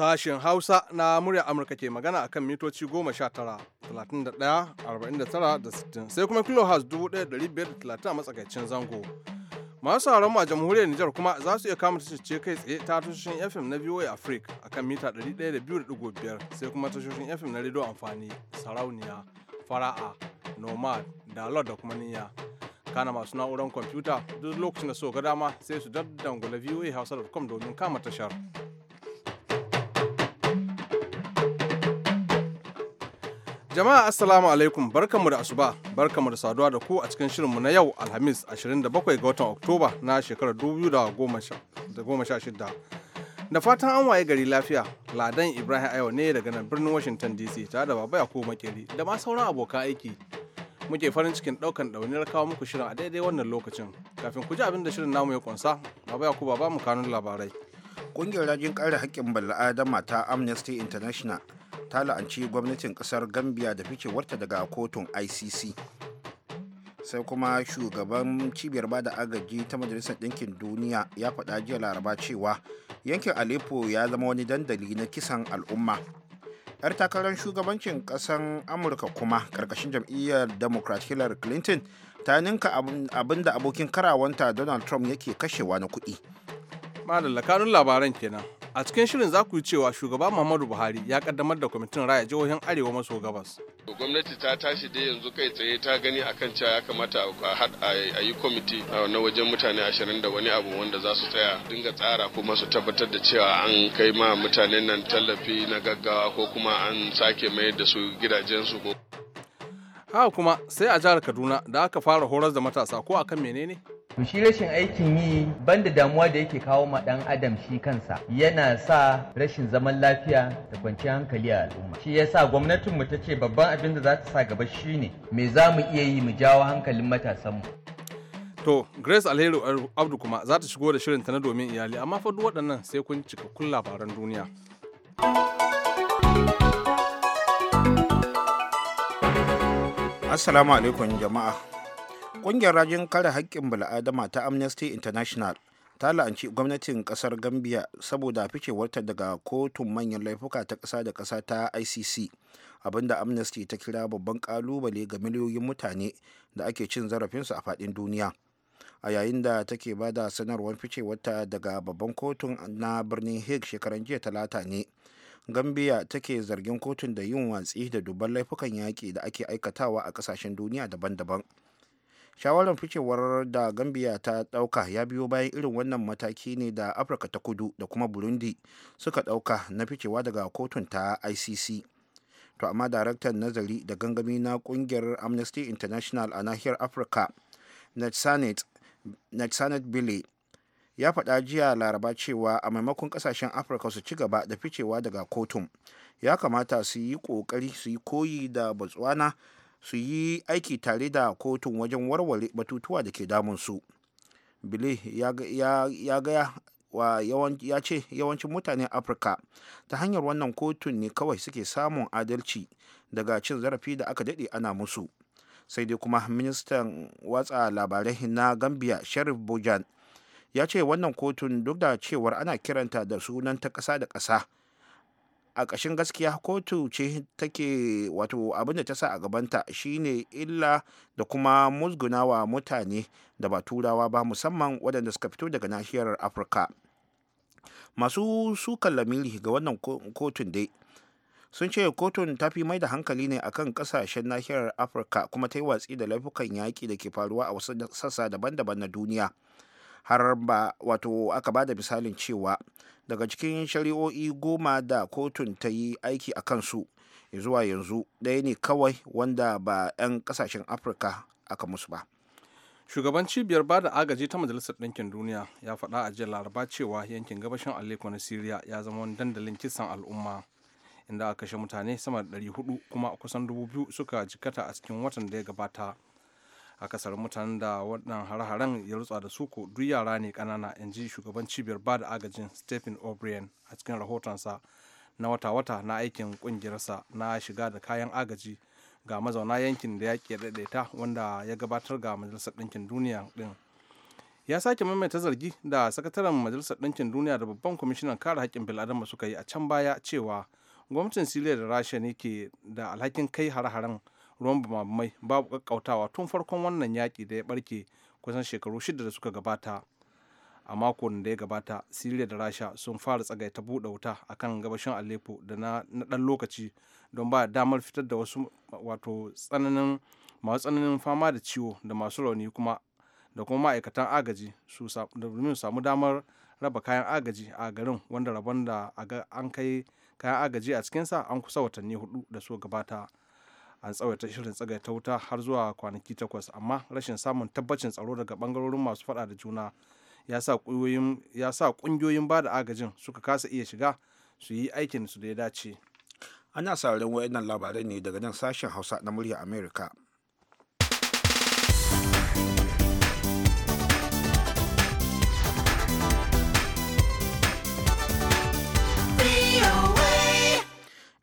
Sashen Hausa na murya Amurka ke magana a kan mitoci 19 31 da sai kuma kilohertz 1530 a matsakaicin zango. Masu sauran a jamhuriyar Nijar kuma za su iya kama tashoce kai tsaye ta tashoshin FM na VOA Africa a kan mita biyar sai kuma tashoshin FM na rediyo amfani sarauniya, fara'a, nomad, dalar da kuma niyya. kana masu na'urar kwamfuta duk lokacin da so ga dama sai su daddangula voahausa.com domin kama tashar. Jama'a Assalamu alaikum barkanmu da asuba barkanmu da saduwa da ku a cikin shirinmu na yau Alhamis 27 ga watan Oktoba na shekarar 2016. Da fatan an waye gari lafiya, Ladan Ibrahim Ayo ne daga nan birnin Washington DC tare da Baba Yakubu Makeri da ma sauran abokan aiki. Muke farin cikin ɗaukan ɗauniyar kawo muku shirin a daidai wannan lokacin. Kafin ku ji abin da shirin namu ya kunsa, Baba Yakubu ba mu kanun labarai. Ƙungiyar rajin kare haƙƙin bala'adama ta Amnesty International ta la'anci gwamnatin kasar gambia da ficewarta daga kotun icc sai kuma shugaban cibiyar bada agaji ta majalisar ɗinkin duniya ya faɗa jiya laraba cewa yankin aleppo ya zama wani dandali na kisan al'umma yar takarar shugabancin ƙasan amurka kuma ƙarƙashin jam'iyyar democrat hillary clinton ta ninka abin da abokin karawanta donald trump yake kashewa na kuɗi malalla kanun labaran kenan a cikin shirin za ku yi cewa shugaba muhammadu buhari ya kaddamar da kwamitin raya jihohin arewa maso gabas gwamnati ta tashi dai yanzu kai tsaye ta gani akan cewa ya kamata a yi kwamiti na wajen mutane ashirin da wani abu wanda za su tsaya dinga tsara kuma su tabbatar da cewa an kai ma mutanen nan tallafi na gaggawa ko kuma an sake mayar da su gidajensu ko haka kuma sai a jihar kaduna da aka fara horar da matasa ko akan menene To shi rashin aikin yi banda damuwa da yake kawo ma dan adam shi kansa yana sa rashin zaman lafiya da kwanciyar hankali a al'umma. Shi yasa gwamnatin mu ta ce babban abin da za ta sa gaba shi ne, me za mu iya yi mu jawo hankalin matasanmu? mu. To Grace Alheri Abdu kuma za ta shigo da shirin ta na domin iyali amma fa duk waɗannan sai kun cikakkun labaran duniya. Assalamu alaikum jama'a. Ƙungiyar rajin kare haƙƙin bala'adama ta Amnesty International ta la'anci gwamnatin ƙasar Gambia saboda ficewarta daga kotun manyan laifuka ta ƙasa da ƙasa ta ICC, abinda Amnesty ta kira babban ƙalubale ga miliyoyin mutane da ake cin zarafinsu a faɗin duniya. a yayin da take ba da sanarwar ficewarta daga babban kotun na birnin hague shekaran jiya talata ne gambia take zargin kotun da yin watsi da dubban laifukan yaƙi da ake aikatawa a ƙasashen duniya daban-daban shawarar ficewar da gambia ta dauka ya biyo bayan irin wannan mataki ne da afirka ta kudu da kuma burundi suka dauka na ficewa daga kotun ta icc to amma daraktan nazari da gangami na kungiyar amnesty international a nahiyar afirka netsanet bile ya faɗa jiya laraba cewa a maimakon kasashen afirka su ci gaba da ficewa daga kotun ya kamata su yi kokari su yi koyi da botswana su yi aiki tare da kotun wajen warware batutuwa da ke damunsu bile ya gaya wa ya ce yawancin mutanen afirka ta hanyar wannan kotun ne kawai suke samun adalci daga cin zarafi da aka daɗe ana musu sai dai kuma ministan watsa labarai na gambia sharif bojan ya ce wannan kotun duk da cewar ana kiranta da sunan ta ƙasa da ƙasa a ƙashin gaskiya kotu ce take wato abin da ta sa a gabanta shine illa da kuma musgunawa mutane da ba turawa ba musamman waɗanda suka fito daga nahiyar afirka masu sukan lamiri ga wannan kotun dai sun ce kotun ta fi mai da hankali ne akan kasashen nahiyar afirka kuma ta yi watsi da laifukan yaƙi da ke faruwa a wasu sassa daban-daban na duniya har ba wato aka ba da misalin cewa daga cikin shari'o'i goma da kotun ta yi aiki a kansu zuwa yanzu ɗaya ne kawai wanda ba 'yan ƙasashen afirka aka musu ba shugaban cibiyar ba da agaji ta majalisar ɗinkin duniya ya faɗa a jiya laraba cewa yankin gabashin aleppo na syria ya zama wani dandalin kisan al'umma inda aka kashe mutane sama da 400 kuma kusan 2000 suka jikata a cikin watan da ya gabata a kasar mutanen da waɗannan har-haren ya rutsa da su ko duk yara ne ƙanana in ji shugaban cibiyar ba da agajin stephen o'brien a cikin rahotonsa na wata-wata na aikin ƙungiyarsa na shiga da kayan agaji ga mazauna yankin da ke daidaita wanda ya gabatar ga majalisar ɗinkin duniya ɗin ya sake maimaita zargi da sakataren majalisar ɗinkin duniya da babban kwamishinan kare haƙƙin bil'adama suka yi a can baya cewa gwamnatin siriya da rasha ne ke da alhakin kai har-haren ruwan bamamai babu kakkautawa tun farkon wannan yaƙi da ya barke kusan shekaru shida da suka gabata a makon da ya gabata siriya da rasha sun fara tsagaita buɗe wuta a kan gabashin aleppo da na ɗan lokaci don ba damar fitar da wasu wato tsananin masu tsananin fama da ciwo da masu rauni kuma da kuma ma'aikatan agaji su domin samu damar raba kayan agaji a garin wanda rabon da an kai kayan agaji a cikinsa an kusa watanni hudu da su gabata an tsawaita shirin tsagaita wuta har zuwa kwanaki takwas amma rashin samun tabbacin tsaro daga bangarorin masu fada da juna ya sa kungiyoyin ba da agajin suka kasa iya shiga su yi aikin su da ya dace ana sauraron wayannan labarai ne daga nan sashen hausa na murya america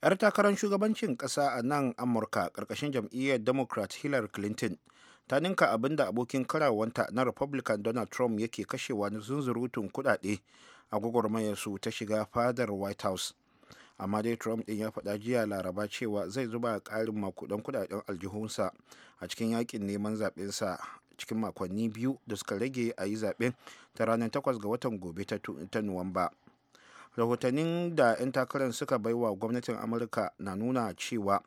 'yar takarar shugabancin ƙasa a nan amurka ƙarƙashin jam'iyyar democrat hillary clinton ta ninka abin da abokin karawanta na republican donald trump yake kashewa na zunzurutun kuɗaɗe a su ta shiga fadar white house amma dai trump ɗin ya faɗa jiya laraba cewa zai zuba ƙarin makudan kuɗaɗen aljihunsa a cikin yakin neman zaɓensa cikin makonni biyu da suka rage a yi zaɓen ta ranar 8 ga watan gobe ta nuwamba. rahotannin da 'yan takarar suka wa gwamnatin amurka na nuna cewa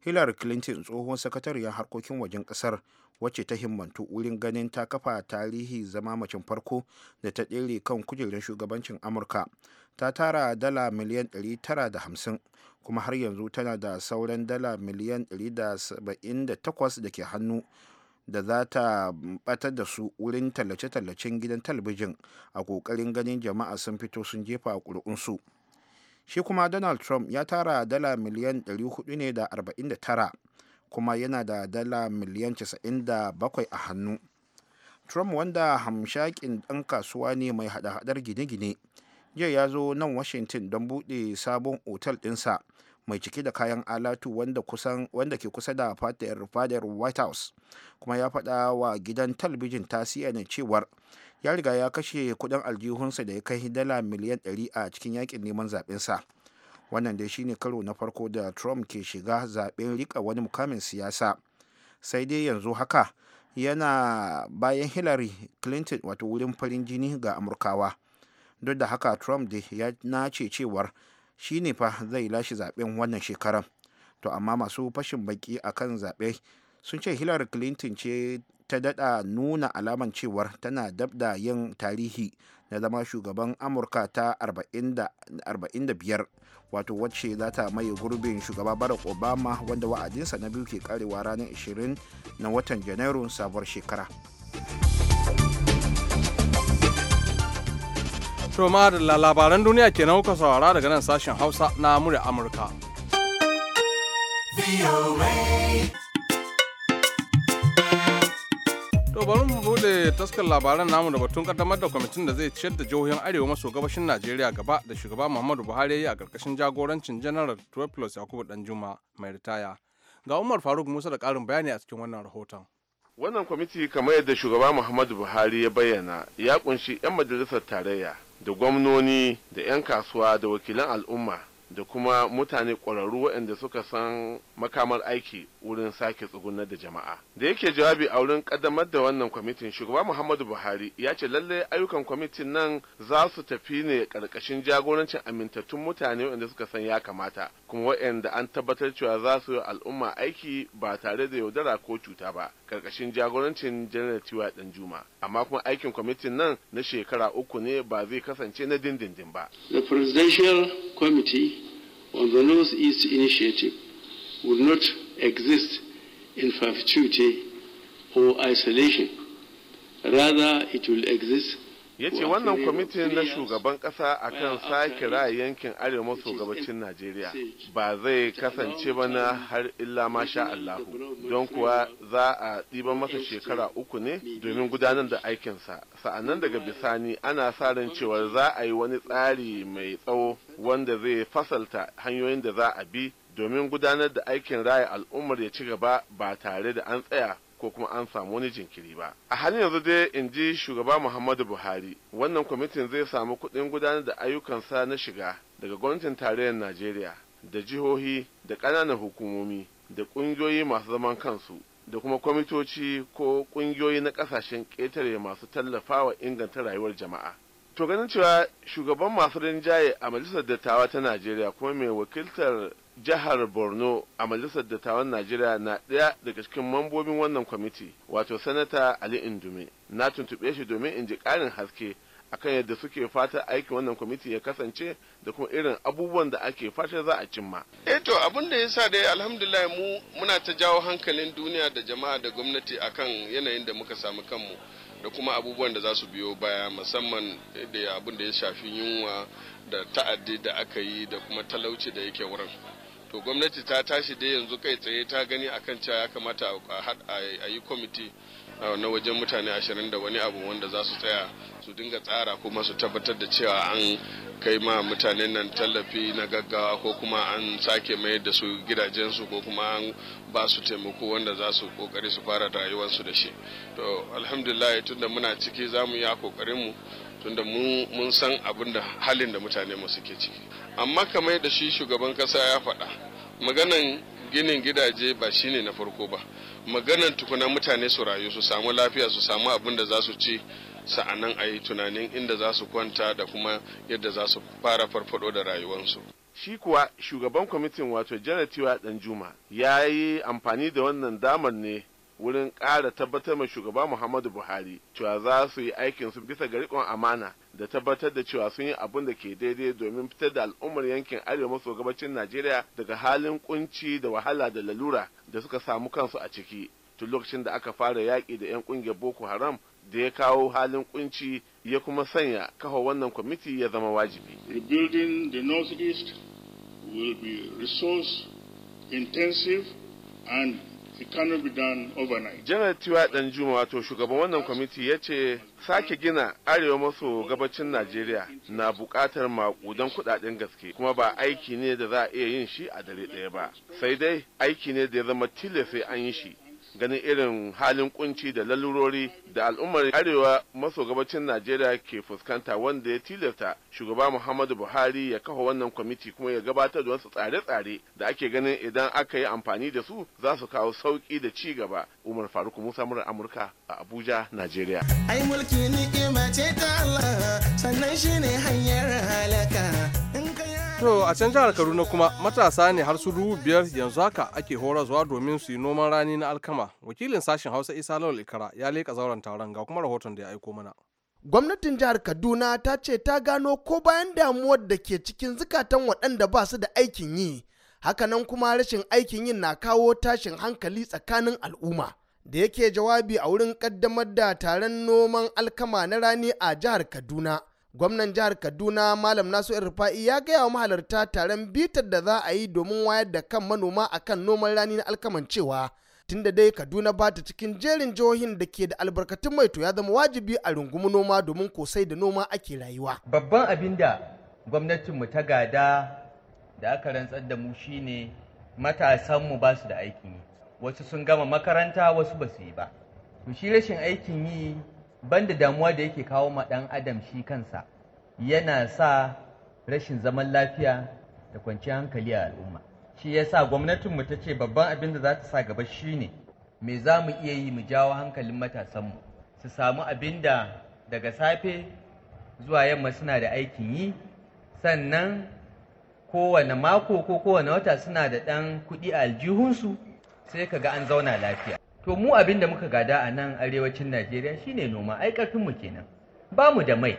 hillary clinton tsohon sakatariyar harkokin wajen kasar wacce ta himmantu wurin ganin ta kafa tarihi zama macin farko da ta ɗere kan kujerun shugabancin amurka ta tara dala miliyan 950 kuma har yanzu tana da sauran dala miliyan 178 da ke hannu da za ta batar da su wurin tallace-tallacen gidan talabijin a kokarin ganin jama'a sun fito sun jefa ƙuri'unsu shi kuma donald trump ya tara dala miliyan 449 da 49 kuma yana da dala miliyan 97 a hannu trump wanda hamshakin ɗan kasuwa ne mai hada-hadar gine-gine jiya ya zo nan washington don buɗe sabon otal ɗinsa mai cike da kayan alatu wanda, kusan, wanda ke kusa da fadar fadar white house kuma ya faɗa wa gidan talabijin ta cnn cewar ya riga ya kashe kudin aljihunsa da ya kai dala miliyan 100 a cikin yakin neman zaɓensa wannan dai shine karo na farko da trump ke shiga zaɓen rika wani mukamin siyasa sai dai yanzu haka yana bayan hillary clinton wato wurin farin jini ga amurkawa duk da haka trump da ya nace cewar shi ne fa zai lashe zaben wannan shekarar to amma masu fashin baki akan zaɓe sun ce hillary clinton ce ta dada nuna alaman cewar tana dab da yin tarihi na zama shugaban amurka ta 45 wato wacce za ta maye gurbin shugaba barack obama wanda wa'adinsa na biyu ke karewa ranar 20 na watan janairun sabuwar shekara. Shoma da labaran duniya ke kuka saurara daga nan sashen Hausa na murya Amurka. To bari mu bude taskar labaran namu da batun kaddamar da kwamitin da zai ciyar da jihohin Arewa maso gabashin Najeriya gaba da shugaba Muhammadu Buhari ya yi a karkashin jagorancin General Tuweplus Yakubu Juma mai ritaya. Ga Umar Faruk Musa da ƙarin bayani a cikin wannan rahoton. Wannan kwamiti kamar yadda shugaba Muhammadu Buhari ya bayyana ya kunshi 'yan majalisar tarayya da gwamnoni da 'yan kasuwa da wakilan al'umma da kuma mutane ƙwararru waɗanda suka san makamar aiki wurin sake tsugunar da jama'a da yake jawabi a wurin kaddamar da wannan kwamitin shugaba muhammadu buhari ya ce lallai ayyukan kwamitin nan za su tafi ne karkashin jagorancin amintattun mutane waɗanda suka san ya kamata kuma waɗanda an tabbatar cewa za su yi al'umma aiki ba tare da yaudara ko cuta ba karkashin jagorancin janar tiwa dan juma amma kuma aikin kwamitin nan na shekara uku ne ba zai kasance na dindindin ba the presidential committee on the North-East initiative would not exist in perpetuity or isolation. Rather, it will exist ya ce wannan kwamitin na shugaban kasa a kan sake ra'ayi yankin arewa maso gabacin najeriya ba zai kasance ba na har illa masha allahu don kuwa za a ɗiban masa shekara uku ne domin gudanar da aikinsa sa'annan daga bisani ana sa ran cewa za a yi wani tsari mai tsawo wanda zai fasalta hanyoyin da za a bi domin gudanar da aikin raya al'ummar ya ci gaba ba tare da an tsaya ko kuma an samu wani jinkiri ba a halin yanzu dai in ji shugaba muhammadu buhari wannan kwamitin zai samu kuɗin gudanar da ayyukansa na shiga daga gwamnatin tarayyar najeriya da jihohi da ƙananan hukumomi da ƙungiyoyi masu zaman kansu da kuma kwamitoci ko ƙungiyoyi na ƙasashen ƙetare masu tallafawa inganta rayuwar jama'a to ganin cewa shugaban masu rinjaye a majalisar dattawa ta najeriya kuma mai wakiltar jihar borno a majalisar dattawan najeriya na ɗaya daga cikin mambobin wannan kwamiti wato sanata ali indume na tuntuɓe shi domin in ji ƙarin haske akan yadda suke fatan aikin wannan kwamiti ya kasance da kuma irin abubuwan da ake fata za a cimma. Eh to abin da yasa dai alhamdulillah mu muna ta jawo hankalin duniya da jama'a da gwamnati akan yanayin da muka samu kanmu da kuma abubuwan da za su biyo baya musamman da abin da ya shafi yunwa da ta'addi da aka yi da kuma talauci da yake wurin. to gwamnati ta tashi dai yanzu kai tsaye ta gani akan cewa ya kamata a yi kwamiti na wajen mutane ashirin da wani abu wanda za su tsaya su dinga tsara kuma su tabbatar da cewa an kai ma mutanen nan tallafi na gaggawa ko kuma an sake mayar da su gidajensu ko kuma an ba su taimako wanda za su kokari su fara rayuwarsu da shi to alhamdulillah tunda muna ciki za mu yi a kokarinmu tunda mun san abin da halin da mutane masu ke ciki amma kamar da shi shugaban kasa ya faɗa maganan ginin gidaje ba shine na farko ba maganan tukunan mutane su rayu su samu lafiya su samu abin da za su ci sa'anan a yi tunanin inda za su kwanta da kuma yadda za su fara farfado da rayuwarsu shi kuwa shugaban kwamitin wato janatiwa danjuma ya yi amfani da wannan damar ne wurin ƙara tabbatar mai shugaba Muhammadu Buhari cewa za su yi aikin su bisa ga riƙon amana da tabbatar da cewa sun yi abin da ke daidai domin fitar da al'ummar yankin arewa maso gabacin Najeriya daga halin kunci da wahala da lalura da suka samu kansu a ciki tun lokacin da aka fara yaƙi da 'yan ƙungiyar Boko Haram da ya kawo halin kunci ya kuma sanya kafa wannan kwamiti ya zama wajibi. Rebuilding the Northeast will be resource intensive and dan juma Janar Tiwa wato shugaban wannan kwamiti ya ce sake gina arewa maso gabacin Najeriya na buƙatar maƙudan kuɗaɗen gaske kuma ba aiki ne da za a iya yin shi a dare ɗaya ba. Sai dai aiki ne da ya zama tilasai sai an yi shi ganin irin halin kunci da lalurori da al'ummar arewa maso gabacin najeriya ke fuskanta wanda ya tilasta shugaba muhammadu buhari ya kafa wannan kwamiti kuma ya gabatar da wasu tsare-tsare da ake ganin idan aka yi amfani da su za su kawo sauki da ci gaba umar faruk musa murar amurka a abuja najeriya ai mulki ni'ima ce ta allah sannan shine hanyar halaka To a can jihar Kaduna kuma matasa ne har su dubu biyar yanzu haka ake horaswa domin su yi noman rani na alkama. Wakilin sashen Hausa Isa Lawal Ikara ya leƙa zauren taron ga kuma rahoton da ya aiko mana. gwamnatin jihar kaduna ta ce ta gano ko bayan damuwar da ke cikin zukatan waɗanda ba su da aikin yi hakanan kuma rashin aikin yin na kawo tashin hankali tsakanin al'umma da yake jawabi a wurin ƙaddamar da taron noman alkama na rani a jihar kaduna gwamnan jihar kaduna malam nasu rufa'i ya gaya wa mahalarta taron bitar da za a yi domin wayar da kan manoma a kan noman rani na alkaman cewa tunda dai kaduna ba ta cikin jerin jihohin da ke da albarkatun mai to ya zama wajibi a rungumi noma domin kosai da noma ake rayuwa babban abin da gwamnatinmu ta gada da aka rantsar da mu shine matasanmu ba su da aikin wasu sun gama makaranta wasu ba su yi ba to shi rashin aikin yi banda damuwa da yake kawo ma ɗan adam shi kansa yana sa rashin zaman lafiya da kwanciyar hankali a al'umma shi ya sa gwamnatinmu ta ce babban abin da za ta sa gaba shi ne, me za mu iya yi mu jawo hankalin matasanmu su samu abin da daga safe zuwa yamma suna da aikin yi sannan kowane mako ko kowane wata suna da ɗan kuɗi a aljihunsu sai ka ga an zauna lafiya to mu abin da muka gada a nan arewacin najeriya shine noma ai mu kenan ba mu da mai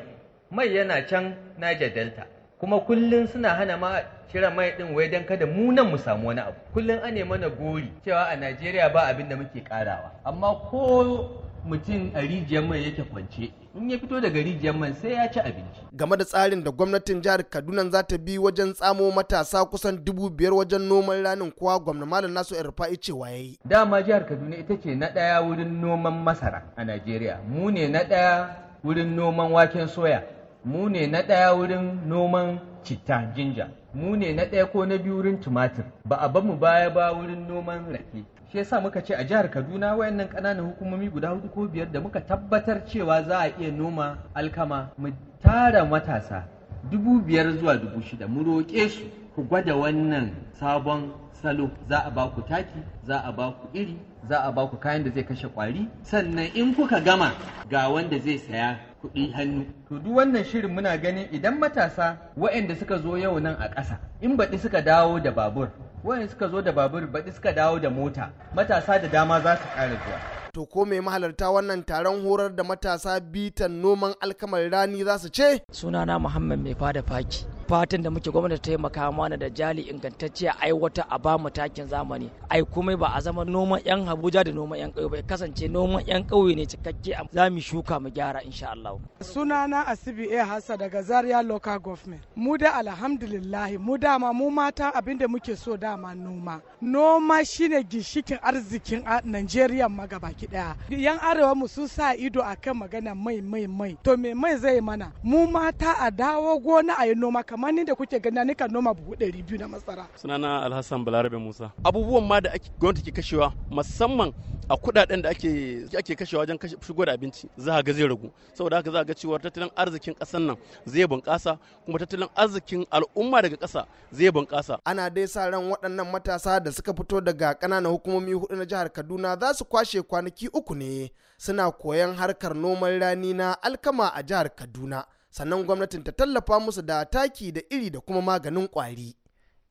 mai yana can niger delta kuma kullum suna hana ma cire mai din wai dan kada mu nan mu samu wani abu kullum ane mana gori cewa a najeriya ba abin da muke karawa amma ko mutum a rijiyar mai yake kwance in ya fito daga rijiyar man sai ya ci abinci. Game da tsarin da gwamnatin jihar Kaduna za ta bi wajen tsamo matasa kusan dubu biyar wajen noman ranin kuwa gwamna Malam Nasu Irfa'i cewa ya yi. Dama jihar Kaduna ita ce na ɗaya wurin noman masara a Najeriya. Mu ne na ɗaya wurin noman waken soya. Mu ne na ɗaya wurin noman citta jinja. Mu ne na ɗaya ko na biyu wurin tumatir. Ba a bamu baya ba wurin noman rake. shi yasa muka ce a jihar kaduna wayannan ƙananan hukumomi guda hudu ko biyar da muka tabbatar cewa za a iya noma alkama mu tara matasa dubu biyar zuwa dubu shida mu roƙe su ku gwada wannan sabon salo za a ba taki za a ba iri za a ba kayan da zai kashe kwari sannan in kuka gama ga wanda zai saya kuɗi hannu to duk wannan shirin muna ganin idan matasa waɗanda suka zo yau nan a ƙasa in baɗi suka dawo da babur wayanda suka zo da babur baɗi suka dawo da mota matasa da dama za su ƙara zuwa to ko mai mahalarta wannan taron horar da matasa bitan noman alkamar rani za su ce sunana muhammad mai fada faki fatan da muke gwamnati ta taimaka mana da jali ingantacciya ai wata a ba mu takin zamani ai kuma ba a zama noman yan Habuja da noman yan ƙauye ba kasance noman yan Kauye ne cikakke za mu shuka mu gyara insha Allah sunana Asibi A Hassa daga Zaria Local Government mu da alhamdulillah mu dama mu mata abinda muke so dama noma noma shine ginshikin arzikin Najeriya ma gabaki daya yan arewa mu sun sa ido akan magana mai mai mai to me mai zai mana mu mata a dawo gona a yi noma kamar ni da kuke gani ni kan noma buhu ɗari biyu na masara sunana alhassan balarabe musa abubuwan ma da gwamnati ke kashewa musamman a kuɗaɗen da ake ake kashewa wajen shigo da abinci za ga zai ragu saboda haka za ga cewa tattalin arzikin ƙasar nan zai bunƙasa kuma tattalin arzikin al'umma daga ƙasa zai bunƙasa ana dai sa ran waɗannan matasa da suka fito daga ƙananan hukumomi huɗu na jihar Kaduna za su kwashe kwanaki uku ne suna koyan harkar noman rani na alkama a jihar Kaduna sannan gwamnatin ta tallafa musu da taki da iri da kuma maganin kwari.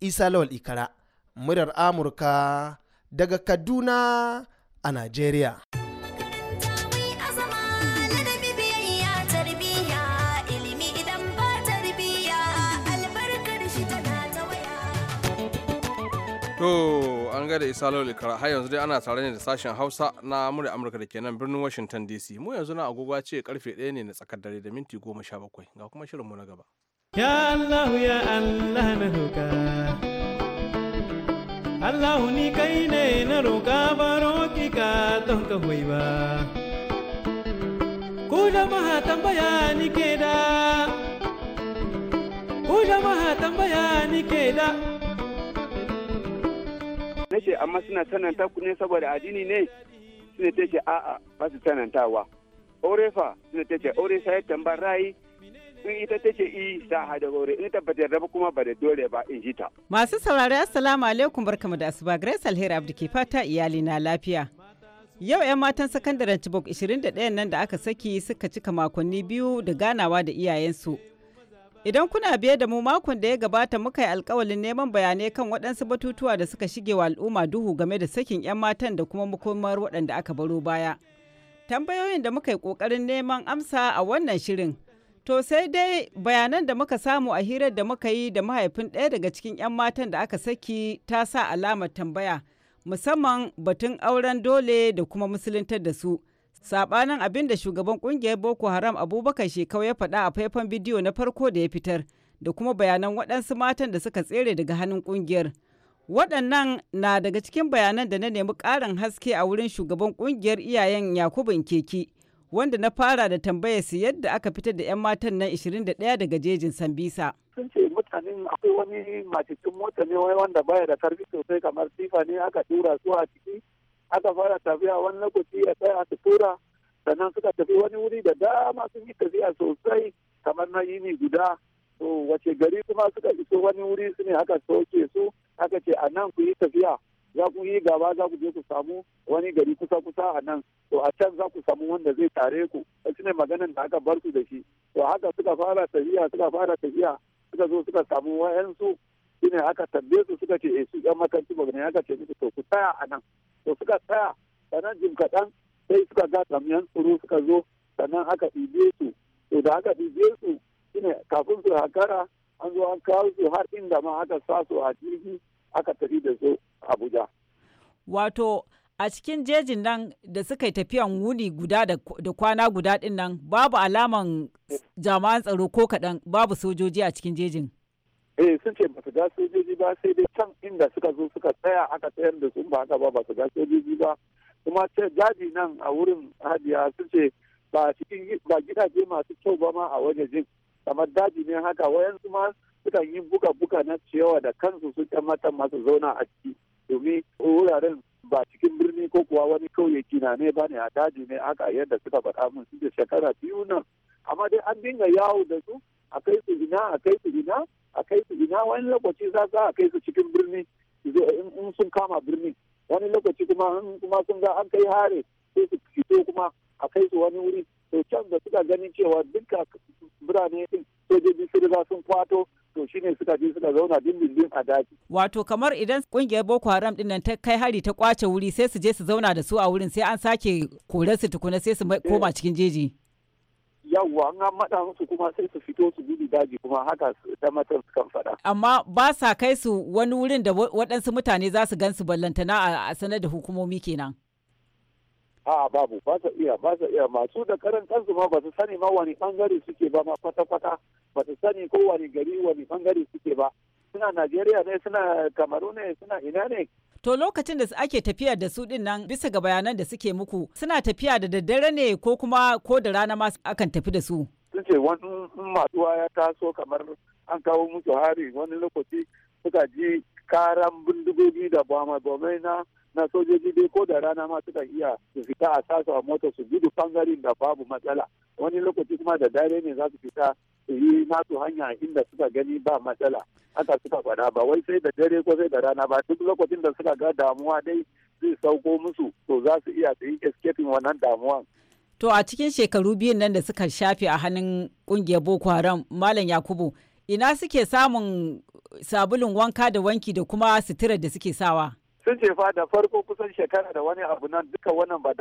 isa lawal ikara murar amurka daga kaduna a najeriya To an gada isa lauli kara har yanzu dai ana tare ne da sashen Hausa na murya Amurka da ke nan birnin Washington DC. Mu yanzu na agogo ce karfe ɗaya ne na tsakar dare da minti goma sha bakwai, ga kuma shirinmu na gaba. Ya Allah ya Allah na roka. Allah ni kai ne na roka ba ka don ka hoyi ba. Ku jama'a tambaya ni ke da. Ku jama'a tambaya ni ke da. na amma suna tananta ku ne saboda addini ne suna ta ce a'a ba su tsanantawa orefa fa suna ta ce aure ya tambar rayi in ita ta ce i sa hada aure in ta bata yarda kuma ba da dole ba in ji ta masu saurari assalamu alaikum barkamu da asuba grace alheri abdi ke fata iyali na lafiya Yau 'yan matan sakandaren Chibok 21 nan da aka saki suka cika makonni biyu da ganawa da iyayensu Idan kuna biye da mu makon da ya gabata muka yi alkawalin neman bayanai kan waɗansu batutuwa da suka shige wa al'umma duhu game da sakin 'yan matan da kuma makomar waɗanda aka baro baya. Tambayoyin da muka yi ƙoƙarin neman amsa a wannan shirin. To sai dai bayanan da muka samu a hirar da muka yi da mahaifin ɗaya daga cikin 'yan matan da aka saki ta sa alamar tambaya, musamman batun auren dole da kuma musuluntar da su. sabanin abin da shugaban kungiyar boko haram abubakar shekau ya faɗa a faifan bidiyo na farko da ya fitar da kuma bayanan waɗansu matan da suka tsere daga hannun kungiyar waɗannan na daga cikin bayanan da na nemi ƙarin haske a wurin shugaban kungiyar iyayen yakubu keki wanda na fara da tambayar su yadda aka fitar da 'yan matan nan 21 daga jejin sambisa sun ce mutanen akwai wani macicin mota ne wanda baya da karfi sosai kamar sifa ne aka tura su a ciki aka fara tafiya wani lokaci ya tsaya su tura sannan suka tafi wani wuri da dama sun yi tafiya sosai kamar na yini guda to wace gari kuma suka iso wani wuri su ne aka soke su haka ce a nan ku yi tafiya za ku yi gaba za ku je ku samu wani gari kusa kusa a nan to a can za ku samu wanda zai tare ku shi ne maganan da aka bar su da shi to haka suka fara tafiya suka fara tafiya suka zo suka samu wayansu ne aka tambaye su suka ce eh, su yan makarci ba ne aka ce musu to ku tsaya a nan to suka tsaya sannan jim kaɗan sai suka ga samiyan tsoro suka zo sannan aka ɗibe su to da aka ɗibe su ne kafin su hakara an zo an kawo su har inda ma aka sa su a jirgi aka tafi da su abuja wato a cikin jejin nan da suka yi tafiyan wuni guda da kwana guda din nan babu alaman eh. jama'an tsaro ko kaɗan babu sojoji a cikin jejin eh sun ce ba su ga sojoji ba sai dai can inda suka zo suka tsaya aka tsayar da su ba haka ba ba su ga sojoji ba kuma daji nan a wurin hadiya sun ce ba cikin ba gidaje masu kyau ba ma a wajejen kamar daji ne haka wayansu ma sukan yi buka buka na ciyawa da kansu su kan matan masu zauna a ciki domin wuraren ba cikin birni ko kuwa wani kauyaki na ne ba ne a daji ne haka yadda suka faɗa mun sun ce shekara biyu nan amma dai an dinga yawo da su a kai su ina a kai su ina a kai su ina wani lokaci za a kai su cikin birni in sun kama birni wani lokaci kuma kuma sun ga an kai hare sai su fito kuma a kai su wani wuri to can da suka ganin cewa duka birane din sojoji su riga sun kwato to shine suka je suka zauna dindindin a daji. Wato kamar idan kungiyar Boko Haram din nan ta kai hari ta kwace wuri sai su je su zauna da su a wurin sai an sake kore su tukuna sai su koma eh. cikin jeji. yawwa an maɗa musu kuma sai su fito su gudu daji kuma haka da matan su kan faɗa. amma ba sa kai su wani wurin da waɗansu mutane za su gan su ballantana a sanar da hukumomi kenan. a babu ba sa iya ba sa iya masu da karan kansu ma ba su sani ma wani ɓangare suke ba ma kwata kwata ba su sani ko wani gari wani ɓangare suke ba suna Najeriya ne suna Kamaru ne suna ina ne. To lokacin da ake tafiya da su din nan bisa ga bayanan da suke muku suna tafiya da daddare ne ko kuma ko da rana ma akan tafi da su. Sun ce wani matuwa ya taso kamar an kawo musu hari wani lokaci suka ji karan bindigogi da bama na na sojoji dai ko da rana ma suka iya su fita a sasa a mota su gudu bangaren da babu matsala wani lokaci kuma da dare ne za su fita su yi nasu hanya inda suka gani ba matsala haka suka faɗa ba wai sai da dare ko sai da rana ba duk lokacin da suka ga damuwa dai zai sauko musu to za su iya su yi escaping wannan damuwan to a cikin shekaru biyun nan da suka shafe a hannun kungiyar boko haram malam yakubu ina suke samun sabulun wanka da wanki da kuma sutura da suke sawa sun ce fa da farko kusan shekara da wani abu nan duka wannan ba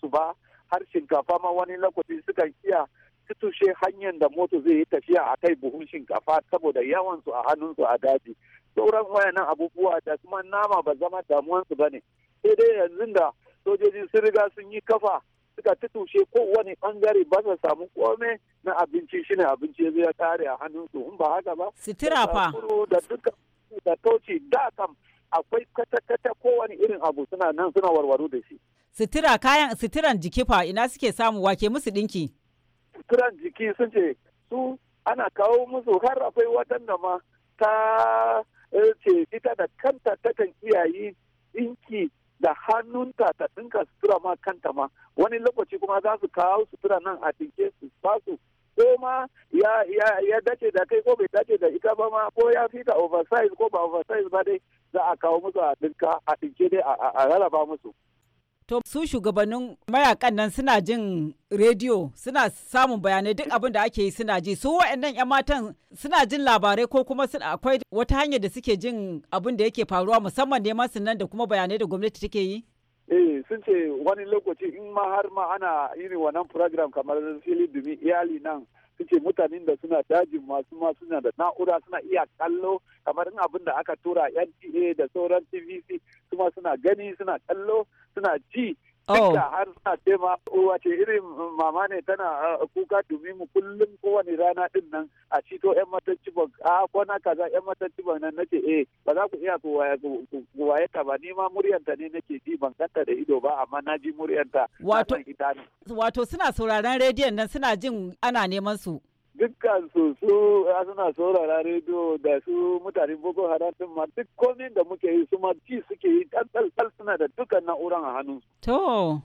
su ba har shinkafa ma wani lokaci sukan iya tushe hanyar da moto zai yi tafiya a kai buhun shinkafa saboda yawansu a hannunsu a daji sauran wayannan abubuwa da kuma nama ba zama damuwansu ba ne sai dai yanzu da sojoji sun riga sun yi kafa suka tutushe wani bangare ba su samu kome na abinci shine abinci zai ya kare a hannunsu in ba haka ba sitira fa da duka da toci da kam akwai kata ko wani irin abu suna nan suna warwaro da shi sitira kayan sitiran jiki fa ina suke samu wake musu dinki suturan jiki sun ce su ana kawo musu har akwai waɗanda ma ta eh, ce ita da kanta ta kan iyayi inki da hannunta ta ɗinka sutura ma kanta ma wani lokaci kuma za su kawo sutura nan a tinke su basu ko ma ya dace da kai ko bai dace da ita ba ma ko ya fita oversize ko ba oversize ba dai za a kawo musu a dinka a tinke dai a rarraba musu to su shugabannin mayakan nan suna jin rediyo suna samun bayanai duk abin da ake yi suna ji su waɗannan 'yan matan suna jin labarai ko kuma akwai wata hanyar da suke jin abin da yake faruwa musamman neman su nan da kuma bayanai da gwamnati take yi eh sun ce wani lokaci in ma har ma ana yin wannan program kamar fili domin iyali nan ce mutanen da suna dajin masu ma suna da na'ura suna iya kallo kamar in abin da aka tura nta da sauran tvc kuma suna gani suna kallo suna ji duk oh. da har suna ce ma wace irin mama ne tana uh, kuka domin mu kullum kowane rana din nan a cito yan matan cibok a kwana kaza yan matan cibok nan nace eh ba za ku iya ku waye ta ba ni ma muryanta ne nake ji ban ganta da ido ba amma na ji muryanta wato wato suna sauraron rediyon nan suna jin ana neman su dukkan su su suna saurara rediyo da su mutane boko haram din ma duk komai da muke yi su ma ci suke yi tal suna da dukkan na'uran a hannu. To.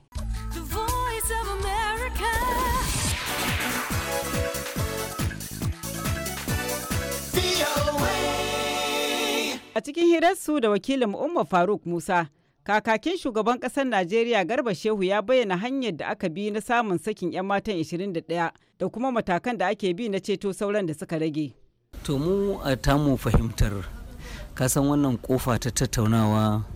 A cikin hirarsu da wakilin Umar Faruk Musa, Kakakin shugaban ƙasar Najeriya Garba Shehu ya bayyana hanyar da aka bi na samun sakin 'yan matan 21 da kuma matakan da ake bi na ceto sauran da suka rage. To mu a tamu fahimtar kasan wannan kofa ta tattaunawa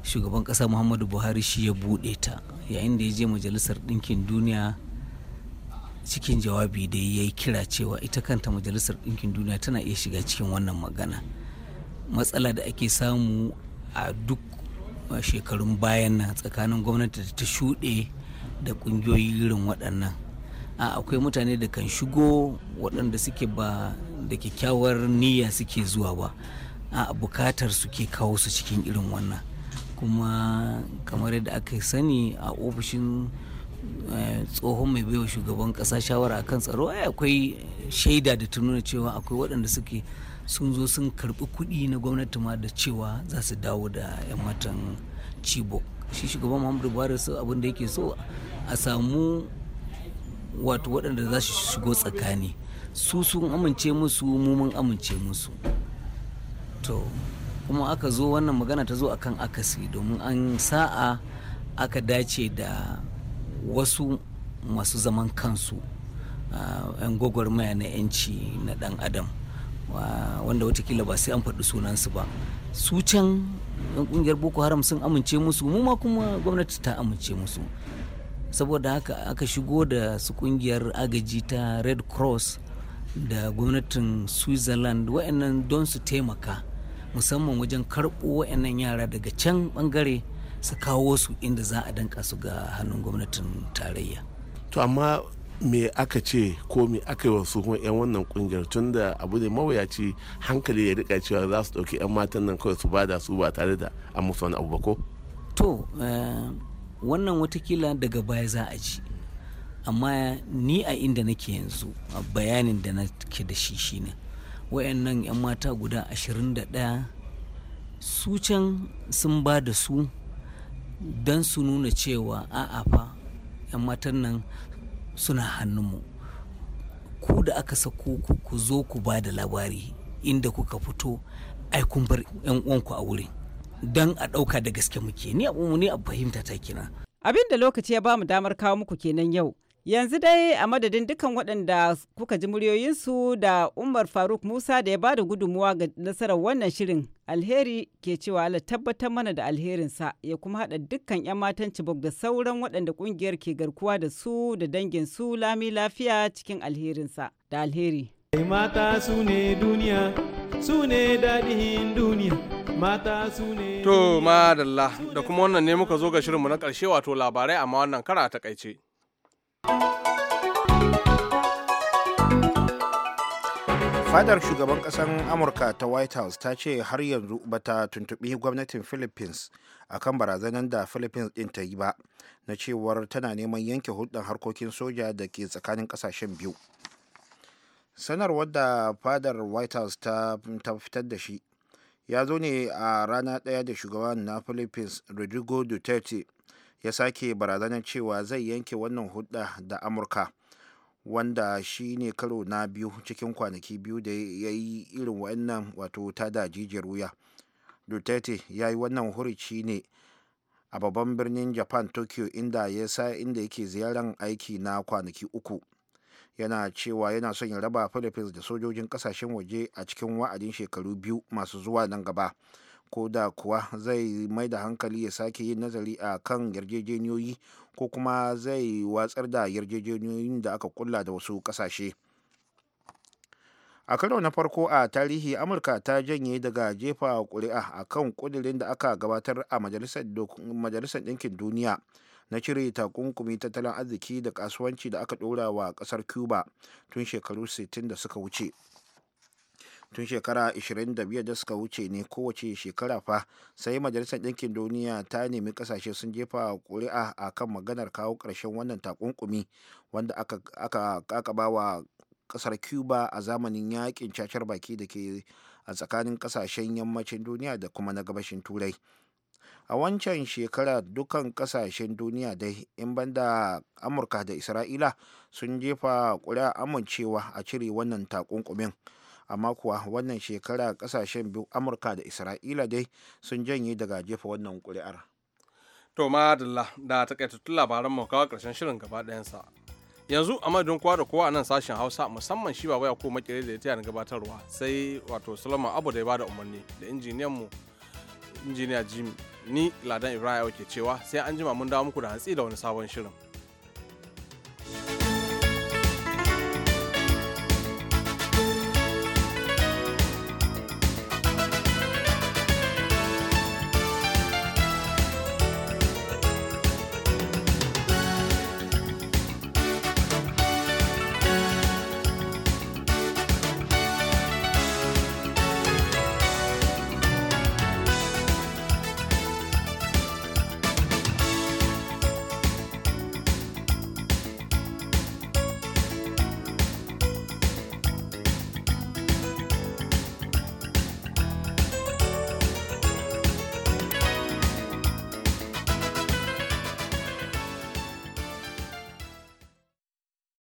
shugaban ƙasa Muhammadu Buhari shi ya buɗe ta yayin da ya je majalisar ɗinkin duniya cikin jawabi da ya yi kira cewa ita kanta majalisar ɗinkin duniya tana iya shiga cikin wannan magana matsala da ake samu a duk shekarun bayan nan tsakanin gwamnati da ta shuɗe da ƙungiyoyi irin waɗannan akwai mutane da kan shigo waɗanda suke ba da kyakkyawar niyya suke zuwa ba a bukatar suke kawo su cikin irin wannan kuma kamar yadda aka sani a ofishin eh, tsohon mai baiwa shugaban ƙasa shawara akan tsaro akwai shaida da ta nuna cewa akwai waɗanda suke sun zo sun karɓi kuɗi na gwamnati ma da cewa za su dawo da 'yan matan cibo shi shugaban muhammadu buhari su abin da yake so a samu wato waɗanda za su shigo tsakani su sun amince musu mu mun amince musu to kuma aka zo wannan magana ta zo akan akasi domin an sa'a aka dace da wasu masu zaman kansu ah, 'yan gwagwarmaya na 'yanci na ɗan adam wanda watakila ba sai an faɗi sunansu ba su can yan kungiyar boko haram sun amince musu mu ma kuma gwamnati ta amince musu saboda haka aka shigo da su kungiyar agaji ta red cross da gwamnatin switzerland wa'annan don su taimaka musamman wajen karɓo wa'annan yara daga can bangare su kawo su inda za a danka su ga hannun gwamnatin tarayya to amma me aka ce ko me aka yi wasu su kuma 'yan wannan kungiyar tun da abu ne mawuyaci hankali ya rika cewa za su ɗauki 'yan matan nan kawai su bada su ba tare da an musu wani abu ba ko? to eh, wannan watakila daga baya za a ji amma ni a inda nake yanzu a bayanin da nake da shi shine wayannan 'yan mata guda ashirin 21 su can sun ba da su don su nuna cewa a'a fa 'yan matan nan suna hannunmu ku da aka sako ku zo ku ba da labari inda kuka fito aikun kun bar yan uwanku a wurin don a ɗauka da gaske muke ni abu ne a fahimta ta kina abin da lokaci ya ba mu damar kawo muku kenan yau Yanzu dai a madadin dukkan waɗanda kuka ji muryoyinsu da Umar Faruk Musa da ya bada gudunmuwa ga nasarar wannan shirin alheri ke cewa Allah tabbatar mana da alherinsa ya kuma haɗa dukkan 'yan matan Chibok da sauran waɗanda ƙungiyar ke garkuwa da su da dangin su lami lafiya cikin alherinsa da alheri. Mata su ne duniya, su ne daɗin duniya, mata su ne. To, madalla, da kuma wannan ne muka zo ga shirinmu na ƙarshe wato labarai amma wannan kara a takaice. fadar shugaban kasan amurka ta white house ta ce har yanzu bata tuntubi gwamnatin philippines akan barazanar da philippines din ta yi ba na cewar tana neman yanke hulɗar harkokin soja da ke tsakanin kasashen biyu sanarwar da fadar white house ta, ta fitar da shi ya zo ne a rana ɗaya da shugaban na philippines rodrigo duterte ya sake barazanar cewa zai yanke wannan hudda da amurka wanda shi ne karo na biyu cikin kwanaki biyu da ya yi irin wannan wato ta da jijiyar wuya duterte ya yi wannan hurici ne a babban birnin japan tokyo inda ya sa inda yake ziyarar aiki na kwanaki uku yana cewa yana son ya raba philippines da sojojin kasashen waje a cikin wa'adin shekaru biyu masu zuwa nan gaba ko da kuwa zai mai da hankali ya sake yin nazari a kan yarjejeniyoyi ko kuma zai watsar da yarjejeniyoyin da aka kulla da wasu kasashe? a karo na farko a tarihi amurka ta janye daga jefa kuri'a a kan kudirin da aka gabatar a majalisar ɗinkin duniya na cire takunkumi tattalin arziki da kasuwanci da aka ɗora wa ƙasar cuba tun shekaru 60 da suka wuce tun shekara 25 da suka wuce ne kowace shekara fa sai majalisar ɗinkin duniya ta nemi ƙasashe sun jefa ƙuri'a a kan maganar kawo ƙarshen wannan takunkumi wanda aka kakaba wa ƙasar cuba a zamanin yakin cacar baki da ke a tsakanin ƙasashen yammacin duniya da kuma na gabashin turai a wancan shekara dukkan kasashen duniya dai in banda amurka da isra'ila sun jefa ƙuri'a amincewa a cire wannan takunkumin amma kuwa wannan shekara kasashen biyu amurka da isra'ila dai sun janye daga jefa wannan kuri'ar. to madalla da takaitattun labaran mu kawo karshen shirin gaba sa yanzu a madadin kowa da kowa a nan sashen hausa musamman shi baba ko makere da ya taya gabatarwa sai wato salama abu da ya bada umarni da injiniyan mu injiniya jimmy ni ladan ibrahim ke cewa sai an jima mun dawo muku da hantsi da wani sabon shirin